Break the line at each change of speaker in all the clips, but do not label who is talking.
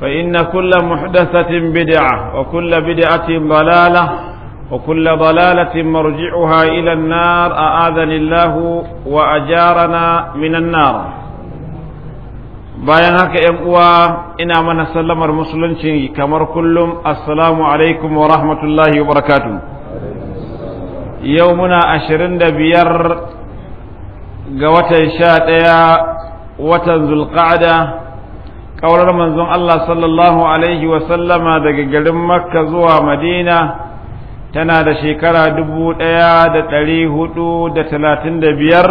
فإن كل محدثة بدعة وكل بدعة ضلالة وكل ضلالة مرجعها إلى النار أعاذني الله وأجارنا من النار bayan haka ‘yan uwa ina mana sallamar musulunci kamar kullum assalamu alaikum wa rahmatullahi wa barakatu yau muna ashirin da biyar ga watan sha ɗaya watan zulƙa'ada Ƙaurar manzon Allah sallallahu alaihi wasallama daga garin makka zuwa madina tana da shekara dubu ɗaya da ɗari hudu da talatin da biyar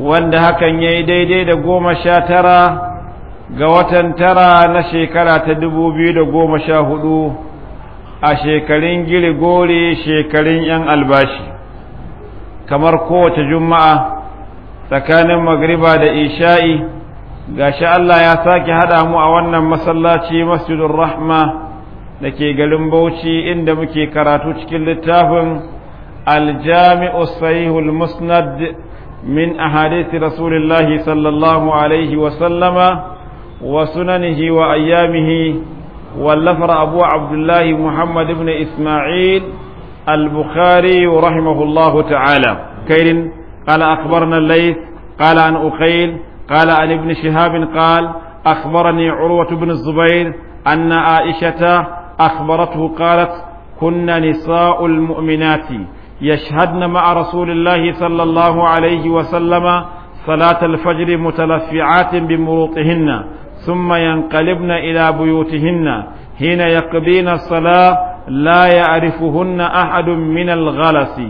wanda hakan ya yi daidai da goma sha tara ga watan tara na shekara ta dubu biyu da goma sha hudu a shekarun girigori shekarun 'yan albashi kamar kowace juma'a tsakanin magriba da isha'i gashi Allah ya sake hada mu a wannan masallaci masjidur rahma da ke garin Bauchi inda muke karatu cikin littafin aljami'u sahihul musnad min ahadithi rasulillahi sallallahu alaihi wa sallama wa sunanihi wa ayyamihi wallafar abu abdullahi muhammad ibn isma'il al-bukhari rahimahullahu ta'ala kairin قال أخبرنا الليث قال عن أخيل قال عن ابن شهاب قال أخبرني عروة بن الزبير أن عائشة أخبرته قالت كنا نساء المؤمنات يشهدن مع رسول الله صلى الله عليه وسلم صلاة الفجر متلفعات بمروطهن ثم ينقلبن إلى بيوتهن حين يقضين الصلاة لا يعرفهن أحد من الغلس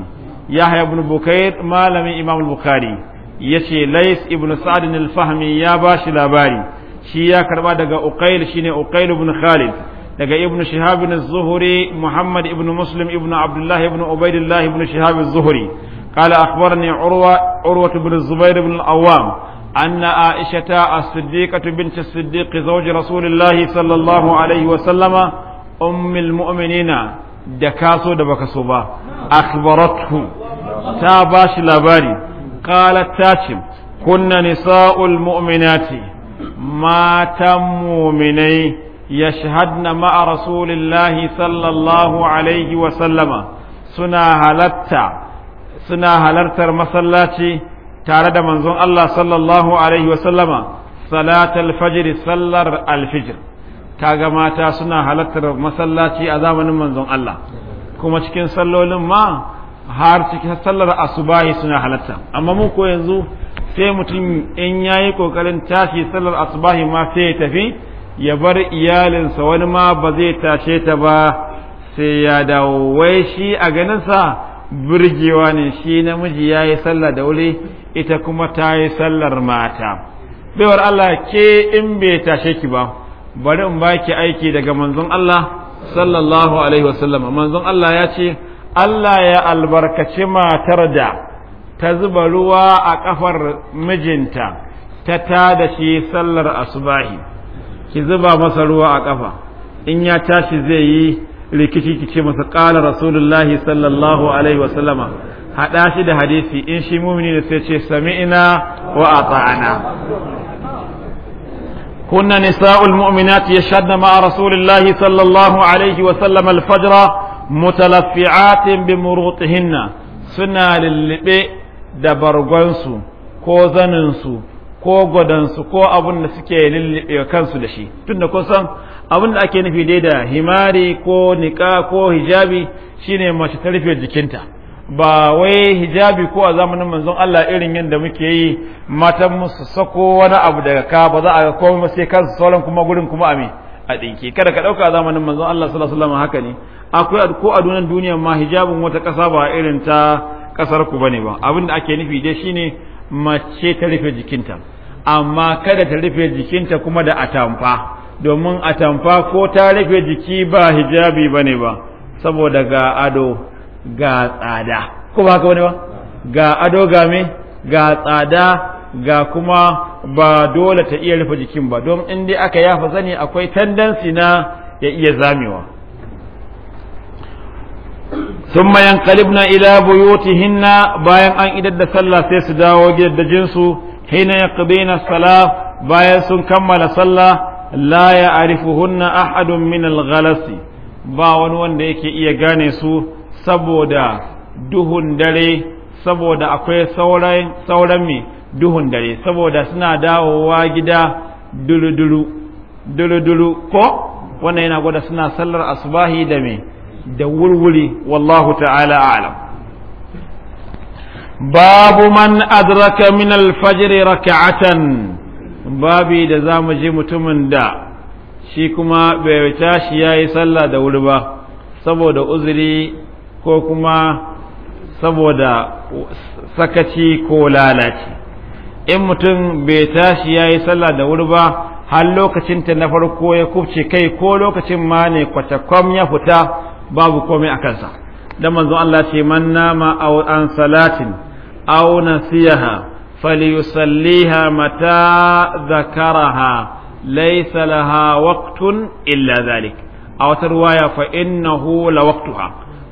يحيى بن بكير ما لم إمام البخاري yace Lais ibn Sa'd al-Fahmi ya bashi labari shi ya karba daga Uqail shine Uqail ibn Khalid daga ibn Shihab ibn Zuhri Muhammad ibn Muslim ibn Abdullah ibn Ubaidillah ibn Shihab az-Zuhri قال أخبرني عروة عروة بن الزبير بن العوام أن عائشة الصديقة بنت الصديق زوج رسول الله صلى الله عليه وسلم أم المؤمنين دكاسو دبكسوبا أخبرته تاباش لاباري qalat tashim kunna nisa'ul mu'minati matan mu'minai yashhadna ma'a rasulillahi sallallahu alaihi wa sallama suna halatta halartar masallaci tare da manzon Allah sallallahu alaihi wa sallama salatul fajr sallar alfijr kaga mata suna halartar masallaci a zamanin manzon Allah kuma cikin sallolin ma har cikin sallar asubahi suna halatta amma mu ko yanzu sai mutum in yayi kokarin tashi sallar asubahi ma sai ya tafi ya bar iyalinsa wani ma ba zai tashe ta ba sai ya dawo wai shi a ganinsa birgewa ne shi namiji ya yi sallah da wuri ita kuma ta yi sallar mata baiwar Allah ke in bai tashe ki ba bari in baki aiki daga manzon Allah sallallahu alaihi wasallam manzon Allah ya ce Allah ya albarkaci matar da ta zuba ruwa a ƙafar mijinta ta da shi sallar asubahi ki zuba masa ruwa a ƙafa in ya tashi zai yi rikici ki ce masa ƙala rasulullahi sallallahu alaihi wasallama haɗa shi da hadisi in shi mumini da sai ce sami'ina wa ata'ana كنا نساء المؤمنات يشهدن مع رسول الله صلى الله عليه وسلم الفجر mutalaffi'atin bi murutihinna suna lullube da bargonsu ko zaninsu ko gwadansu ko abin da suke lullube kansu da shi tunda da kusan abin da ake nufi dai da himari ko niƙa ko hijabi shine mace ta rufe jikinta ba wai hijabi ko a zamanin manzon Allah irin yadda muke yi matan musu sako wani abu daga ka ba za a ga komai sai kansu sauran kuma gurin kuma ame a dinki kada ka ɗauka zamanin manzon Allah sallallahu alaihi wasallam haka ne akwai ko a dunan duniya ma hijabin wata ƙasa ba irin ta ƙasar ku bane ba abin da ake nufi dai shine mace ta rufe jikinta amma kada ta rufe jikinta kuma da atamfa domin atamfa ko ta rufe jiki ba hijabi bane ba saboda ga ado ga tsada ko ba haka bane ba ga ado ga me ga tsada ga kuma ba dole ta iya rufe jikin ba don in dai aka yafa zani akwai tendensi na ya iya zamewa sun mayan kalibna ila hinna bayan an idar da sallah sai su dawo jinsu hina ya na sala bayan sun kammala sallah la ya arifuhunna ahadun min al-ghalasi ba wani wanda yake iya gane su saboda duhun dare saboda akwai sauran sauran duhun dare saboda suna dawowa gida duru-duru ko wannan yana gwada suna sallar asubahi da me da wurwuri wallahu ta'ala a'lam babu man adraka min alfajr raka'atan babu da zamu je mutumin da shi kuma bai tashi yayi sallah da wuri ba saboda uzuri ko kuma saboda sakaci ko lalaci in mutum bai tashi ya yi sallah da wuri ba har lokacin ta na farko ya kubce kai ko lokacin ma ne kwatakwam ya fita babu komai a kansa dan manzo Allah ce man nama aw an salatin aw nasiyaha falyusalliha mata zakaraha laysa laha waqtun illa zalik a wata ruwaya fa innahu la waqtuha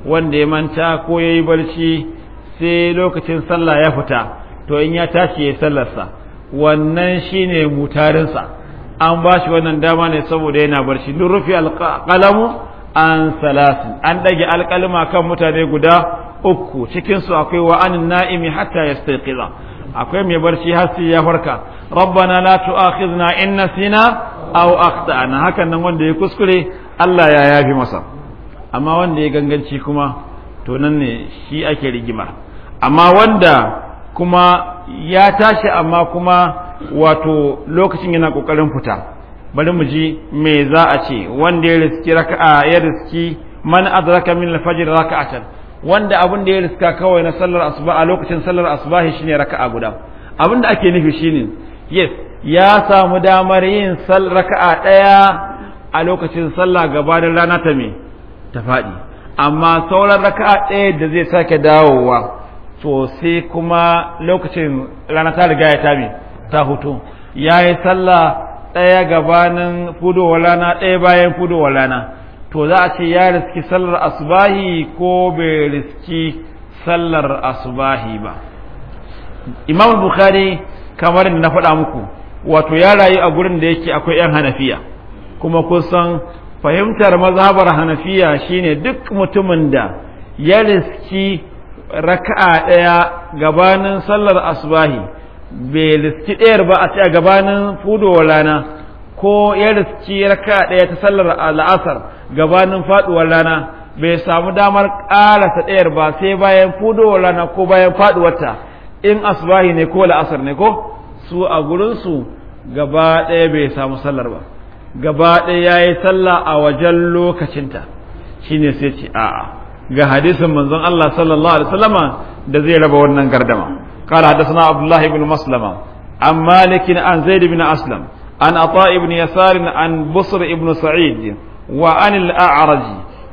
wanda ya manta ko yayi barci sai lokacin sallah ya fita to in ya tashi ya sallarsa wannan shine mutarinsa an ba shi wannan dama ne saboda yana barci duk rufe alƙalamu an salasi an ɗage alƙalma kan mutane guda uku cikinsu akwai wa'anin na'imi hatta ya akwai mai barci har sai ya farka rabbana la tu'akhidna in nasina aw akhtana hakan nan wanda ya kuskure Allah ya yafi masa amma wanda ya ganganci kuma to nan ne shi ake rigima amma wanda kuma ya tashi amma kuma wato lokacin yana kokarin fita bari mu ji me za a ce wanda ya riski raka'a ya riski man adraka min al-fajr raka'atan wanda abin da ya riska kawai na sallar asuba a lokacin sallar shi shine raka'a guda abin da ake nufi shine yes ya samu damar yin sal raka'a daya a lokacin sallah gabanin rana ta me ta faɗi amma sauran raka'a ɗaya da zai sake dawowa to sai kuma lokacin rana ta riga ya tabi ta hutu ya yi sallah ɗaya gabanin fudowar rana ɗaya bayan fudowar rana to za a ce ya riski sallar asubahi ko bai riski sallar asubahi ba imam bukhari kamar na faɗa muku wato ya rayu a gurin da yake akwai 'yan hanafiya kuma kusan fahimtar mazhabar hanafiya shine duk mutumin da ya riski raka'a ɗaya gabanin sallar asbahi bai riski ɗayar ba a ce a gabanin fudowar rana ko ya riski raka'a ɗaya ta sallar la'asar gabanin faɗuwa rana bai samu damar ƙarasa ɗayar ba sai bayan fudowar rana ko bayan faɗuwarta in asbahi ne ko la'asar ne ko su a gurinsu gaba ɗaya bai samu sallar ba gaba ɗaya ya yi sallah a wajen lokacinta shine sai ce a'a ga hadisin manzon Allah sallallahu alaihi wasallama da zai raba wannan gardama qala hadathana abdullah ibn maslama an malikin an zaid ibn aslam an ata ibn yasar an busri ibn sa'id wa an al-a'raj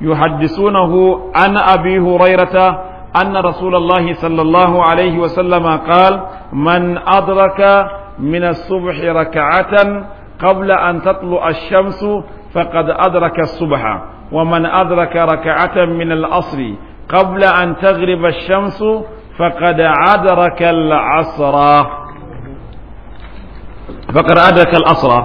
yuhaddisunahu an abi hurairata أن رسول الله صلى الله عليه وسلم قال من أدرك من الصبح ركعة قبل أن تطلع الشمس فقد أدرك الصبح ومن أدرك ركعة من العصر قبل أن تغرب الشمس فقد أدرك العصر فقد أدرك العصر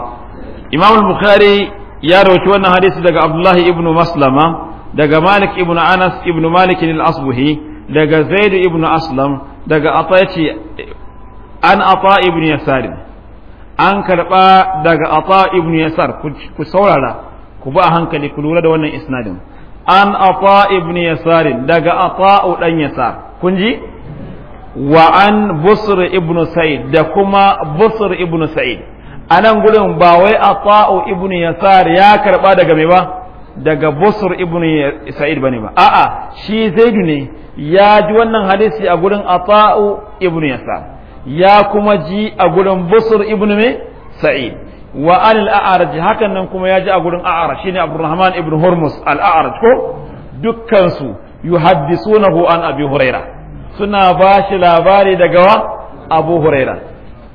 إمام البخاري يروي أن حديث دق عبد الله ابن مسلمة دق مالك ابن أنس ابن مالك الأصبهي دق زيد ابن أسلم دق أطيتي أن أطاء ابن يسار an karɓa daga ata ibn yasar ku saurara ku ba hankali ku lura da wannan isnadin an ata ibn yasar daga ata dan yasar kun ji wa an busr ibn sa'id da kuma busr ibn sa'id anan gudun, ba wai ata ibn yasar ya karɓa daga mai ba daga busur ibn sa'id bane ba a'a shi zaidu ne ya ji wannan hadisi a gurin ata'u ibn yasar ya kuma ji a gurin busur ibn mai sa'id wa anil hakan nan kuma ya ji a gurin a'araj shine abdurrahman ibn hurmus al-a'araj ko dukkansu su yuhaddisunahu an abi huraira suna ba shi labari daga wa abu huraira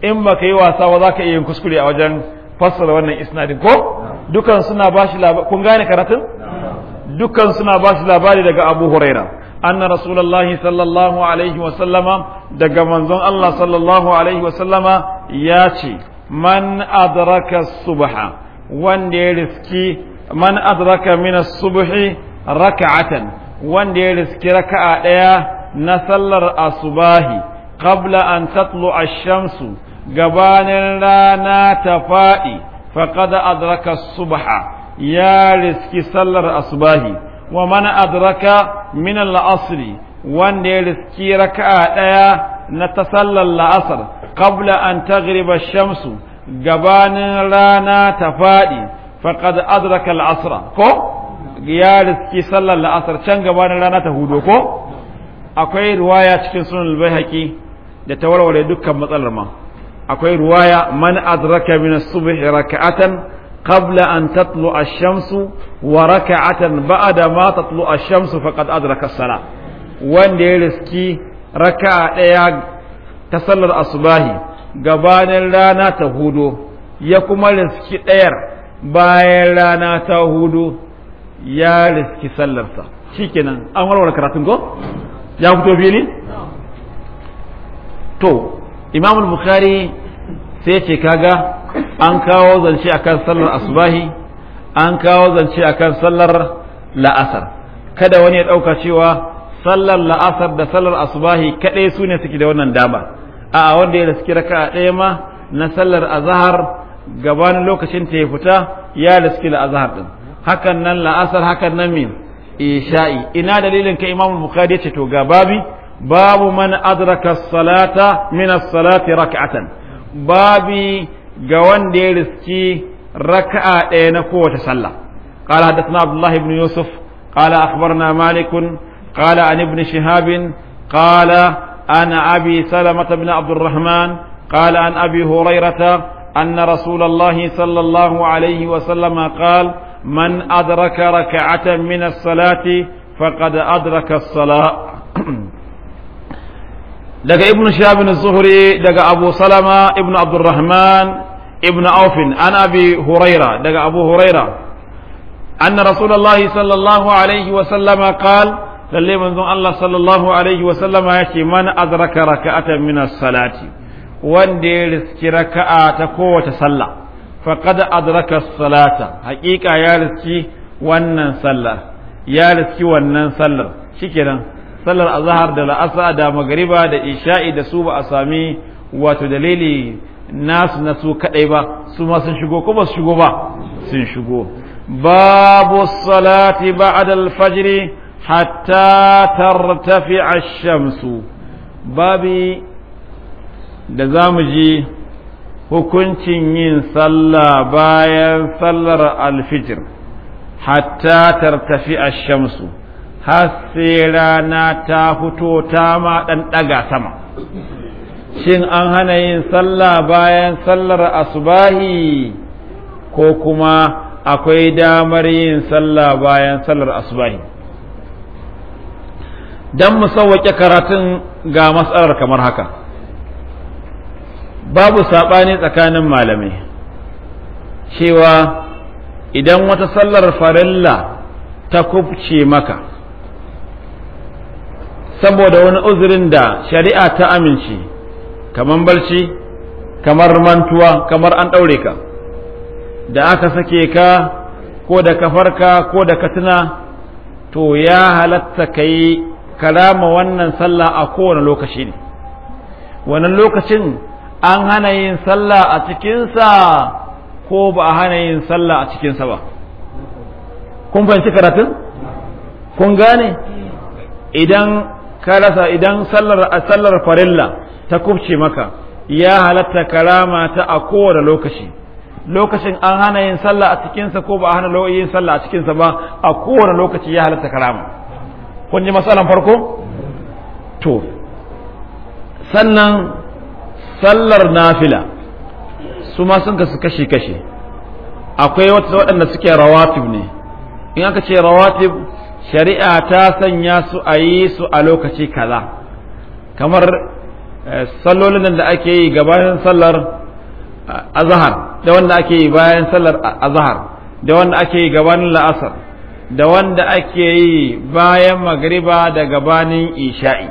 in baka yi wasa ba ka iya yin kuskure a wajen fassara wannan isnadin ko dukkansu suna ba shi kun gane karatun dukan suna ba shi labari daga abu huraira anna rasulullahi sallallahu alaihi wasallama daga manzon Allah sallallahu alaihi wasallama ya ce man adraka subha wanda ya riski man adraka min as-subhi raka'atan wanda ya riski raka'a daya na sallar asubahi qabla an tatlu ash-shamsu gabanin rana ta fadi faqad adraka subha ya riski sallar asubahi wa mana adraka min al wanda ya riski raka'a daya na sallar la'asar qabla an taghriba shamsu gabanin rana ta fadi faqad adraka al-asra ko ya riski sallar la'asar can gabanin rana ta hudo ko akwai ruwaya cikin sunan al-baihaqi da ta warware dukkan matsalar ma akwai ruwaya man adraka min as-subh raka'atan Kabla an tatlu ash-shamsu wa raka'atan ba'da ma tatlu ash-shamsu faqad adraka as-sala wanda ya riski raka'a ɗaya ta sallar asubahi gabanin rana ta hudu ya kuma riski dayar bayan rana ta hudu ya riski sallarsa shikenan an warware karatun ko ya fito fili to imam bukhari sai ce kaga an kawo zance akan sallar asubahi an kawo zance akan sallar la'asar kada wani ya ɗauka cewa sallar la'asar da sallar asubahi kaɗai su ne suke da wannan dama a wanda ya riski raka ɗaya ma na sallar azahar gabanin lokacin ta ya fita ya riski ɗin hakan nan la'asar hakan nan min isha'i ina dalilin ka imamu bukhari ya ce to ga babi babu man adraka salata min as-salati rak'atan babi ga wanda ya riski raka'a ɗaya na kowace sallah qala hadathna abdullah ibn yusuf qala akhbarna malik qala an ibn Shihabin. qala ana abi salamah ibn abdurrahman qala an abi hurairah أن رسول الله صلى الله عليه وسلم قال من أدرك ركعة من الصلاة فقد أدرك الصلاة daga ibn shahab zuhri daga abu salama ibn abdurrahman ibn aufin an abi huraira daga abu huraira anna rasulullahi sallallahu alaihi wa sallama qal lalle manzon Allah sallallahu alaihi wa sallama yace man adraka raka'atan min as-salati wanda ya riski raka'a ta kowace sallah faqad adraka as-salata haqiqa ya riski wannan sallar ya riski wannan sallar shikenan sallar azhar da la'asa da magariba da isha'i da su ba a sami wato dalili nasu na su kadai ba su ma sun shigo kuma su shigo ba sun shigo babu salati ba'da al hatta tartafi ash-shamsu babi da zamu ji hukuncin yin sallah bayan sallar al-fajr hatta tartafi ash-shamsu har sai rana ta fito ta ma ɗan ɗaga sama shin an hana yin sallah bayan sallar asubahi ko kuma akwai damar yin sallah bayan sallar asubahi don mu sauwaƙe karatun ga matsalar kamar haka babu saɓani tsakanin malamai cewa idan wata sallar farilla ta kubce maka saboda wani uzurin da shari'a ta amince kamar barci kamar mantuwa kamar an ɗaure ka da aka sake ka ko da ka ko da ka tuna to ya halatta ka yi karama wannan sallah a kowane lokaci ne wannan lokacin an hana yin sallah a cikinsa ko ba a hana yin sallah a cikinsa ba kun fahimci karatun kun gane idan ka rasa idan sallar sallar farilla ta kubce maka ya halatta karama ta a kowane lokaci lokacin an hana yin sallah a cikinsa ko ba a hana yin sallah a cikinsa ba a kowane lokaci ya halatta karama kun ji matsalan farko to sannan sallar nafila su ma sun kasu kashi-kashi akwai waɗanda suke rawatib ne in aka ce rawatib shari'a ta sanya su a yi su a lokaci kaza kamar eh, sallolin da ake yi gabanin sallar eh, azhar da wanda ake yi bayan sallar azhar da wanda ake yi gabanin la'asar da wanda ake yi bayan magriba da gabanin isha'i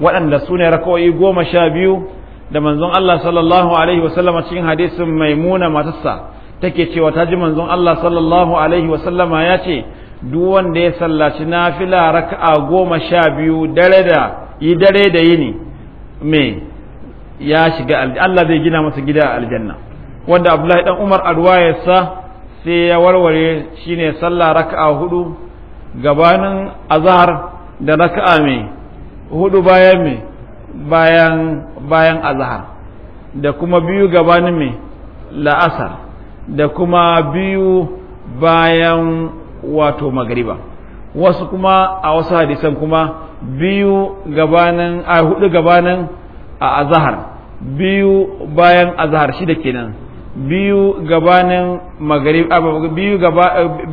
waɗanda su ne rakawai goma sha biyu da manzon Allah sallallahu alaihi wasallama cikin hadisin maimuna matarsa take cewa ta ji manzon Allah sallallahu alaihi wasallama ya ce duk wanda ya sallaci nafila raka'a goma sha biyu dare da yi dare da yini me ya shiga Allah zai gina masa gida a aljanna wanda Abdullahi dan Umar arwayarsa sai ya warware shine sallah raka'a hudu gabanin azhar da raka'a me hudu bayan me bayan bayan azhar da kuma biyu gabanin me la'asar da kuma biyu bayan wato magariba wasu kuma a wasu hadisan kuma biyu gabanin a hudu gabanin a azahar biyu bayan azahar shida kenan biyu gabanin magarib biyu gaba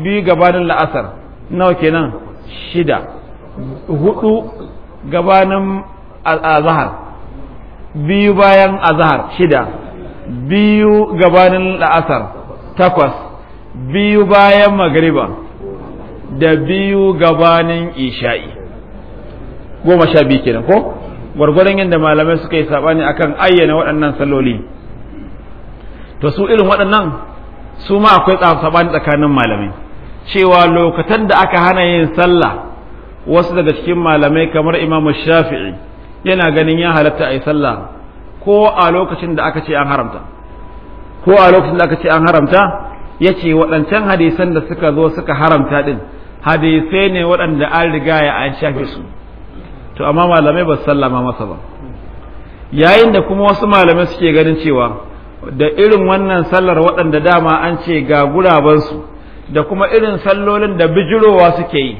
biyu gabanin la'asar nawa kenan shida hudu gabanin azahar biyu bayan azahar shida biyu gabanin la'asar takwas biyu bayan magariba da biyu gabanin isha'i goma sha biyu kenan ko gwargwaron yadda malamai suka yi sabani akan ayyana waɗannan salloli to su irin waɗannan su ma akwai sabani tsakanin malamai cewa lokutan da aka hana yin sallah wasu daga cikin malamai kamar imamu shafi'i yana ganin ya halatta a yi sallah ko a lokacin da aka ce an haramta ko a lokacin da aka ce an haramta ya ce waɗancan hadisan da suka zo suka haramta din. hadisai ne waɗanda an riga ya an shafe su to amma malamai ba sallama masa ba yayin da kuma wasu malamai suke ganin cewa da irin wannan sallar waɗanda dama an ce ga gurabansu da kuma irin sallolin da bijirowa suke yi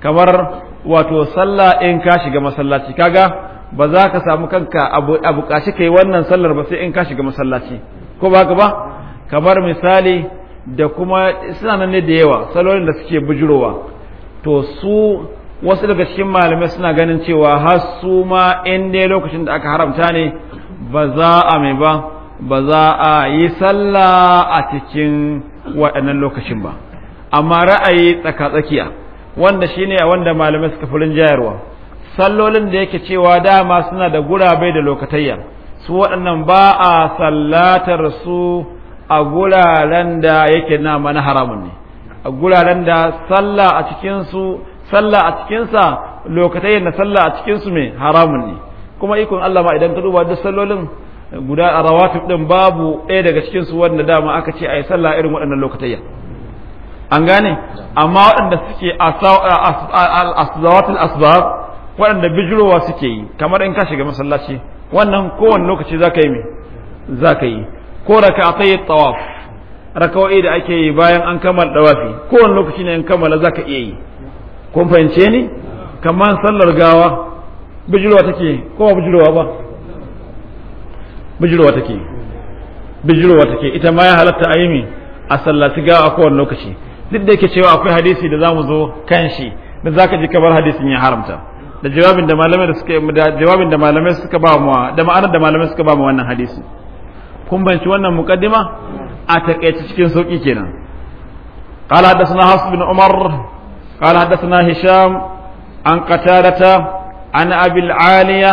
kamar wato sallah in ka shiga masallaci kaga ba za ka samu kanka a bukaci kai wannan sallar ba sai in ka shiga masallaci ko ba ka ba kamar misali da kuma suna nan ne da yawa salolin da suke bujurowa to su wasu daga cikin malamai suna ganin cewa har su ma in dai lokacin da aka haramta ne ba za a mai ba ba za a yi sallah a cikin waɗannan lokacin ba amma ra'ayi tsaka-tsakiya wanda a wanda malamai suka furin jayarwa sallolin da yake cewa dama suna da gurabe da lokatayya su waɗannan ba a sallatar su a guraren da yake na mana haramun ne a guraren da sallah a cikinsu sallah a cikinsa lokacin da sallah a cikinsu mai haramun ne kuma ikon Allah ma idan ka duba duk sallolin guda a rawatib din babu ɗaya daga cikinsu wanda dama aka ce a yi sallah irin waɗannan lokacin an gane amma waɗanda suke a asbawatul asbab waɗanda bijirowa suke yi kamar in ka shiga masallaci wannan kowane lokaci za ka yi za ka yi ko raka'atay tawaf raka'o'i da ake yi bayan an kammala dawafi kowane lokaci ne an kammala zaka iya yi kun fahimce ni kamar sallar gawa bijirwa take ko ba bijirwa ba bijirwa take bijirwa take ita ma ya halatta ayimi a sallaci gawa kowane lokaci duk da yake cewa akwai hadisi da zamu zo kan shi da zaka ji kamar hadisin ya haramta da jawabin da malamai da suka da jawabin da malamai suka ba mu da ma'anar da malamai suka ba mu wannan hadisi kun banci wannan muqaddima a takaice cikin sauki kenan qala hadathana hasan umar qala hadathana hisham an qatarata an abil aliya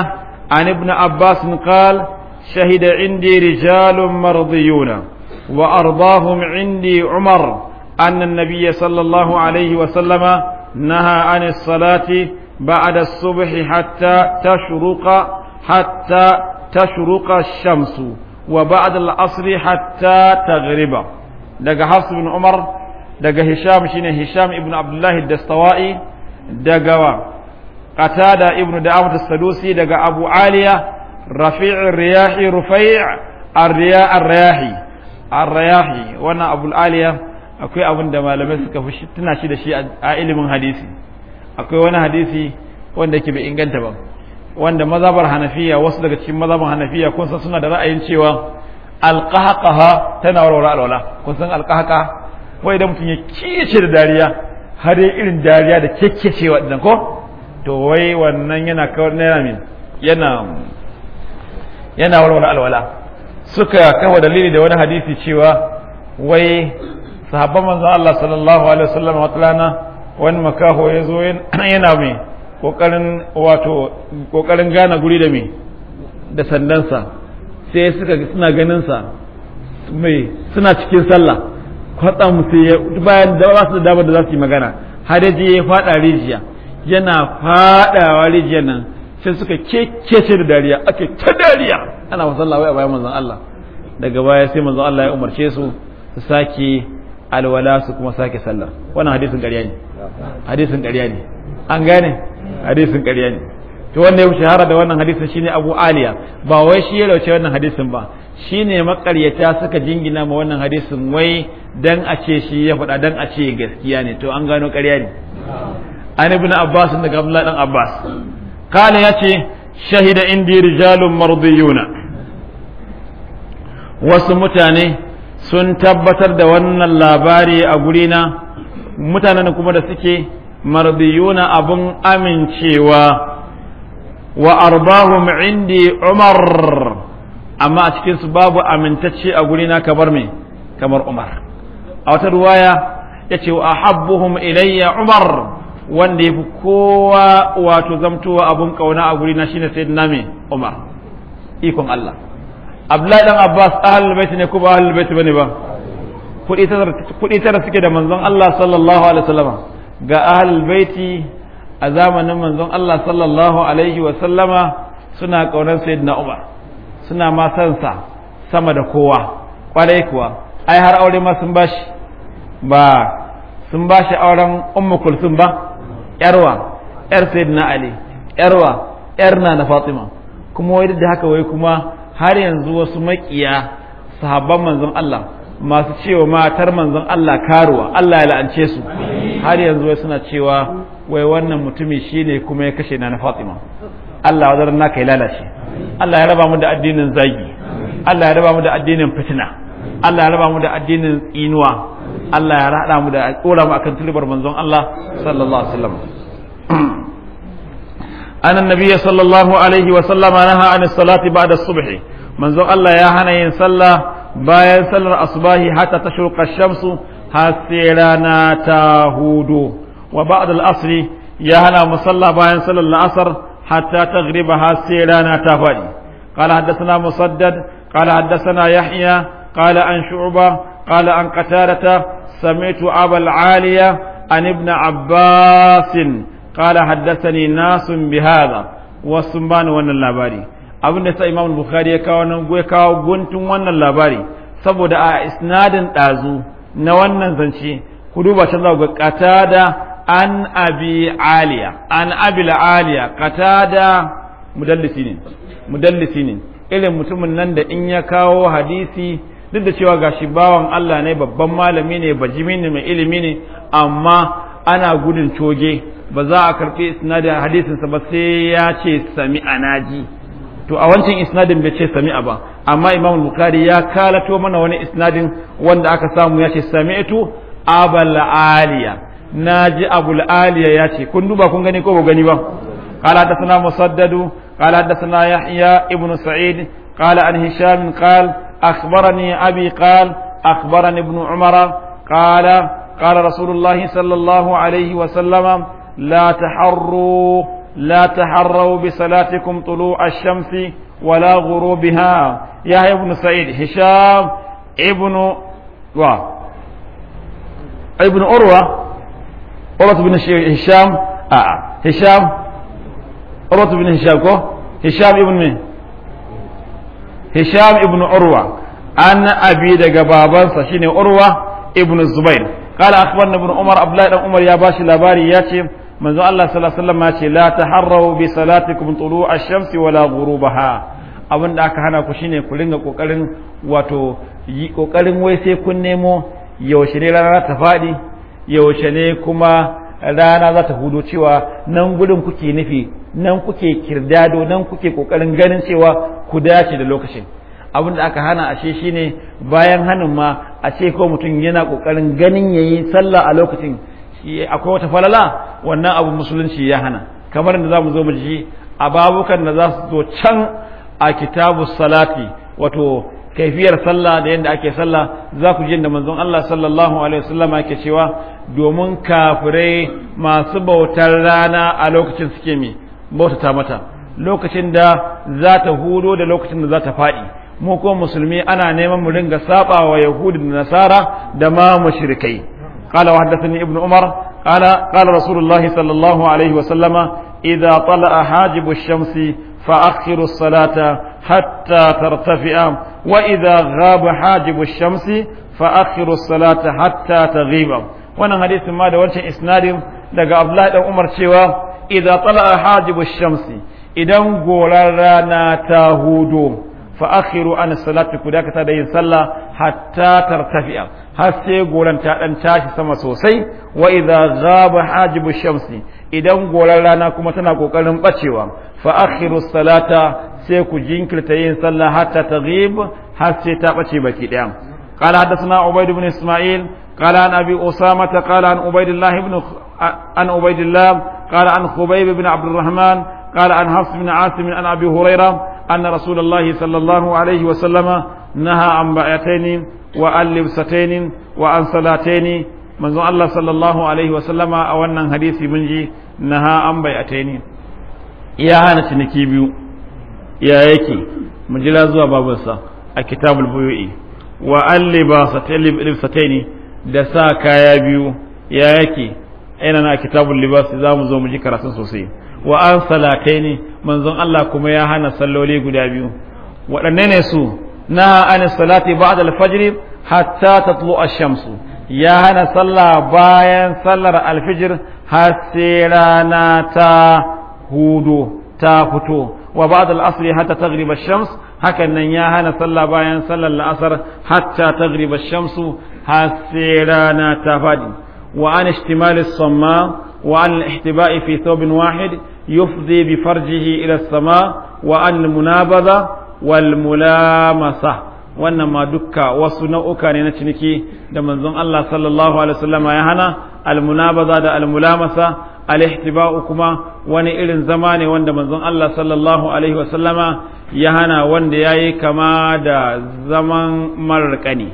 an ibn abbas qala shahida indi rijalun mardiyuna wa ardahum indi umar أن النبي صلى الله عليه وسلم نهى عن الصلاة بعد الصبح حتى تشرق حتى تشرق الشمس wa ba'da al-asr hatta taghriba daga Hafs ibn Umar daga Hisham shine Hisham ibn Abdullah ad-Dastawai daga wa Qatada ibn Da'amah as-Sadusi daga Abu Aliya Rafi' ar Rufai' ar-Riya ar-Riyahi ar wannan Abu Aliya akwai abin da malamai suka fi tuna shi da shi a ilimin hadisi akwai wani hadisi wanda ke bai inganta ba wanda mazhabar hanafiya wasu daga cikin mazhabar hanafiya kun san suna da ra'ayin cewa alqahqaha tana warware alwala kun san alqahqa ko idan mutum ya kice da dariya har ya irin dariya da kekkecewa din ko to wai wannan yana kawar yana min yana yana warware alwala suka kawo dalili da wani hadisi cewa wai sahabban manzon Allah sallallahu alaihi wasallam wata wani makaho ya zo yana mai kokarin wato kokarin gane guri da me da sandansa sai suka suna ganin sa mai suna cikin sallah kwatsa kwatsam sai bayan da ba su da dama da za su yi magana har je ya fada rijiya yana fadawa rijiyar nan sai suka kekece da dariya ake ta dariya ana wa sallah wai a bayan manzon Allah daga baya sai manzon Allah ya umarce su su sake alwala su kuma sake sallah wannan hadisin ƙarya ne hadisin ƙarya ne an gane hadisin ƙarya ne to wanda ya shahara da wannan hadisin shine Abu Aliya ba wai shi ya rauce wannan hadisin ba shine makaryata suka jingina ma wannan hadisin wai dan a ce shi ya faɗa dan a ce gaskiya ne to an gano ƙarya ne an ibn Abbas daga Abdullah dan Abbas kana ce shahida indi rijalun mardiyuna wasu mutane sun tabbatar da wannan labari a gurina mutanen kuma da suke mardiyuna abun amincewa wa arbahum indi umar amma a cikinsu babu amintacce a gurina kamar me kamar umar a wata ruwaya ya ce wa ahabbuhum ilayya umar wanda ya fi kowa wato zamtowa abun kauna a gurina shine sayyidina me umar ikon Allah Abdullahi dan Abbas ahlul bait ne ko ba ahlul bait bane ba kudi tara suke da manzon Allah sallallahu alaihi wasallam ga ahlul baiti a zamanin manzon Allah sallallahu alaihi wa suna kaunar sayyidina Umar suna ma san sama da kowa kwarai kuwa ai har aure ma sun bashi ba sun bashi auren ummu kulsum ba yarwa yar sayyidina Ali yarwa yar na Fatima kuma wai da haka wai kuma har yanzu wasu makiya sahabban manzon Allah masu cewa matar manzon Allah karuwa Allah ya la'ance su har yanzu wai suna cewa wai wannan mutumi shine kuma ya kashe na Fatima Allah ya zarna kai lalace Allah ya raba mu da addinin zagi Allah ya raba mu da addinin fitina Allah ya raba mu da addinin inuwa. Allah ya rada mu da tsora mu akan tulubar manzon Allah sallallahu alaihi wasallam أن النبي صلى الله عليه وسلم نهى عن الصلاة بعد الصبح منذ الله يا هنا صلى bayan sallar asubahi hata tashruqa shamsu har sai ta hudu wa ba'd ya hana musalla bayan sallar la'asar asr hatta taghriba har sai rana ta fadi qala haddathana musaddad qala haddathana yahya qala an shu'ba qala an qatarata sami'tu abal aliya an ibn abbas qala haddathani nasun bihadha wasu bani wannan labari abin da sa imam bukhari ya kawo nan ya kawo guntun wannan labari saboda a isnadin ɗazu na wannan zance ku duba can za ga qatada an abi aliya an abi aliya qatada mudallisi ne mudallisi ne irin mutumin nan da in ya kawo hadisi duk da cewa gashi bawan Allah ne babban malami ne bajimi ne mai ilimi ne amma ana gudun coge ba za a karfi isnadin hadisinsa ba sai ya ce sami anaji to a wancan isnadin bai ce sami'a ba amma imamul bukari ya kalato mana wani isnadin wanda aka samu yace ce sami'atu abal aliya naji abul yace ya kun duba kun gani ko ba gani ba qala hadathana musaddadu qala hadathana yahya ibn sa'id qala an hisham qala akhbarani abi qala akhbarani ibn umara qala قال رسول الله صلى الله عليه وسلم لا تحروا لا تحروا بصلاتكم طلوع الشمس ولا غروبها يحيى بن سعيد هشام ابن و ابن عروة عروة بن هشام آه هشام عروة بن هشام كو هشام ابن مين هشام ابن عروة أن أبي دقى بابا شيني عروة ابن الزبير قال أخبرنا ابن عمر أبلاء عمر يا باشي لاباري ياتي manzo Allah sallallahu alaihi wasallam ce la taharraw bi salatikum tulu ash-shamsi wala ghurubaha abin da aka hana ku shine ku ringa kokarin wato yi kokarin wai sai kun nemo yaushe ne rana ta fadi yaushe ne kuma rana za ta hudo cewa nan gudun kuke nufi nan kuke kirdado nan kuke kokarin ganin cewa ku dace da lokacin abin da aka hana ashe shine bayan hanin ma a ce ko mutum yana kokarin ganin yayi sallah a lokacin Eh, akwai wata falala wannan abu musulunci ya hana kamar da za mu zo mu ji a babukan da za su zo can a kitabu salati wato kaifiyar sallah da yadda ake sallah za ku ji da manzon Allah sallallahu alaihi wasallam yake cewa domin kafirai masu bautar rana a lokacin suke mi bautata mata lokacin da za ta hudo da lokacin da za ta faɗi mu ko musulmi ana neman mu ringa saba wa yahudi da nasara da ma mushrikai قال وحدثني ابن عمر قال قال رسول الله صلى الله عليه وسلم إذا طلع حاجب الشمس فأخر الصلاة حتى ترتفع وإذا غاب حاجب الشمس فأخر الصلاة حتى تغيب وانا حديث ما da wancan isnadin daga Abdullahi dan Umar cewa idza tala hajibu shamsi idan goran rana ta hudu fa akhiru an salati ku dakata da yin sallah hatta tartafi'a har sai goran ta dan tashi sama sosai wa idza ghaba hajibu shamsi idan goran rana kuma tana kokarin bacewa fa salata sai ku jinkirta yin sallah hatta taghib har sai ta bace baki daya قال حدثنا عبيد بن اسماعيل قال عن ابي اسامه قال عن عبيد الله بن عن عبيد الله قال عن خبيب بن عبد الرحمن قال عن حفص بن عاصم عن ابي هريره أن رسول الله صلى الله عليه وسلم نهى عن بائتين وعن لبستين وعن صلاتين منذ الله صلى الله عليه وسلم أولا حديث منجي نهى عن بائتين يا هانا تنكي بيو يا يكي مجلا زوا بابسا الكتاب البيوئي وعن لبستين دسا كايا بيو يا يكي أين أنا كتاب اللباس إذا مزوم جي كراسن سوسي wa an ne manzon Allah kuma ya hana salloli guda biyu waɗanne ne su na an salati ba'da al-fajr hatta tatlu ash-shamsu ya hana sallah bayan sallar alfijir har sai rana ta hudu ta fito wa ba'd al-asr hatta taghrib ash-shams hakan nan ya hana sallah bayan sallar al-asr hatta taghrib ash-shams har sai rana ta fadi wa an ishtimal as-samma wa an ihtibai fi thawbin wahid zai bi farjihi ila sama wa an munabaza wannan ma duka wasu nau'uka ne na ciniki da manzon Allah sallallahu alaihi ya hana Almunabaza da almulamasa mulamasa al ihtiba'u kuma wani irin zama ne wanda manzon Allah sallallahu alaihi ya hana wanda yayi kama da zaman marƙani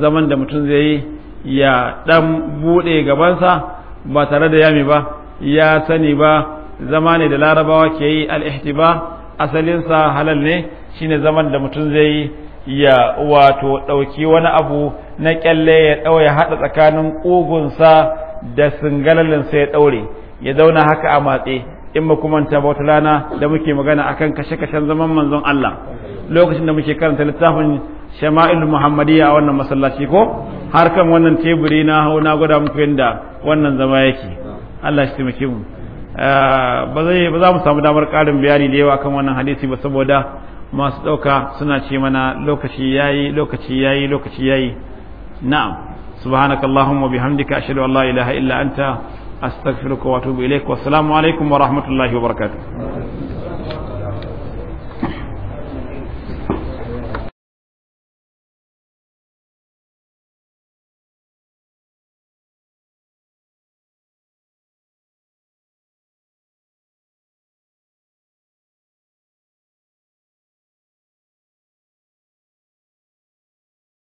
zaman da mutum zai yi ya ɗan bude gabansa ba tare da yami ba ya sani ba zama ne da larabawa ke yi al asalinsa halal ne shine zaman da mutum zai yi ya wato ɗauki wani abu na kyalle ya ɗauya haɗa tsakanin ƙugunsa da singalalinsa ya ɗaure ya zauna haka a matse in ba kuma ta bauta rana da muke magana akan kashe-kashen zaman manzon Allah lokacin da muke karanta littafin shama'il muhammadiyya a wannan masallaci ko har kan wannan teburi na hau na gwada muku yadda wannan zama yake Allah shi taimake mu Eh, ba zai ba za mu samu damar karin bayani da yawa kan wannan hadisi ba saboda masu ɗauka suna ce mana lokaci yayi lokaci yayi lokaci yayi na'am subhanakallahumma bihamdika ashhadu an la ilaha illa anta astaghfiruka wa atubu ilaik wa assalamu alaikum wa rahmatullahi wa barakatuh